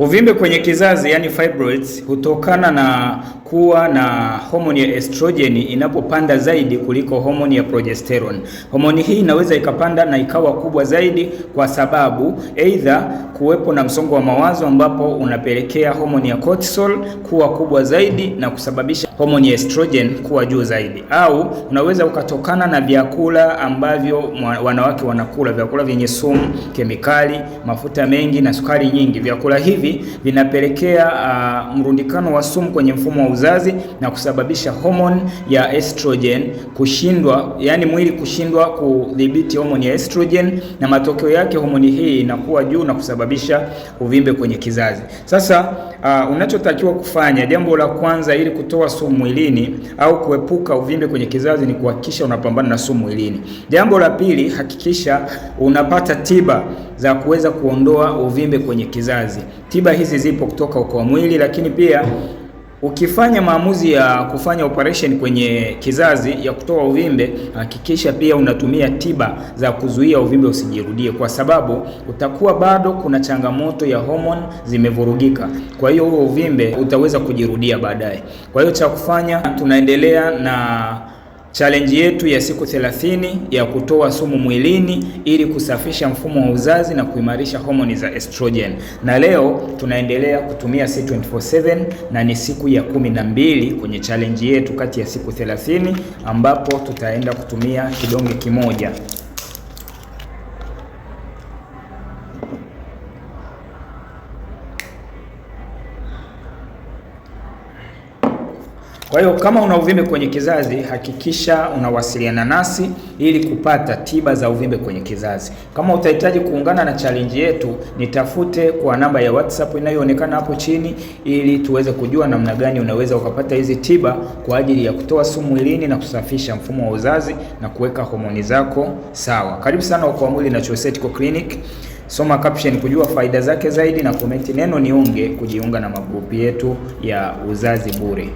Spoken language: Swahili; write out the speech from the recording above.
Uvimbe kwenye kizazi yani fibroids hutokana na kuwa na homoni ya estrogen inapopanda zaidi kuliko homoni ya progesterone. Homoni hii inaweza ikapanda na ikawa kubwa zaidi kwa sababu aidha kuwepo na msongo wa mawazo ambapo unapelekea homoni ya cortisol kuwa kubwa zaidi na kusababisha homoni estrogen kuwa juu zaidi, au unaweza ukatokana na vyakula ambavyo wanawake wanakula, vyakula vyenye sumu, kemikali, mafuta mengi na sukari nyingi. Vyakula hivi vinapelekea uh, mrundikano wa sumu kwenye mfumo wa uzazi na kusababisha homoni ya estrogen kushindwa, yani mwili kushindwa kudhibiti homoni ya estrogen, na matokeo yake homoni hii inakuwa juu na kusababisha uvimbe kwenye kizazi. Sasa uh, unachotakiwa kufanya, jambo la kwanza ili kutoa sumu sumu mwilini au kuepuka uvimbe kwenye kizazi ni kuhakikisha unapambana na sumu mwilini. Jambo la pili, hakikisha unapata tiba za kuweza kuondoa uvimbe kwenye kizazi. Tiba hizi zipo kutoka Okoa Mwili, lakini pia Ukifanya maamuzi ya kufanya operation kwenye kizazi ya kutoa uvimbe, hakikisha pia unatumia tiba za kuzuia uvimbe usijirudie, kwa sababu utakuwa bado kuna changamoto ya homoni zimevurugika. Kwa hiyo huo uvimbe utaweza kujirudia baadaye. Kwa hiyo cha kufanya, tunaendelea na Challenge yetu ya siku 30 ya kutoa sumu mwilini ili kusafisha mfumo wa uzazi na kuimarisha homoni za estrogen. Na leo tunaendelea kutumia C247 na ni siku ya kumi na mbili kwenye challenge yetu kati ya siku 30 ambapo tutaenda kutumia kidonge kimoja. Kwa hiyo kama una uvimbe kwenye kizazi, hakikisha unawasiliana nasi ili kupata tiba za uvimbe kwenye kizazi. Kama utahitaji kuungana na challenge yetu, nitafute kwa namba ya WhatsApp inayoonekana hapo chini, ili tuweze kujua namna gani unaweza ukapata hizi tiba kwa ajili ya kutoa sumu mwilini na kusafisha mfumo wa uzazi na kuweka homoni zako sawa. Karibu sana Okoa Mwili na Clinic. Soma caption kujua faida zake zaidi na komenti neno niunge kujiunga na magrupu yetu ya uzazi bure.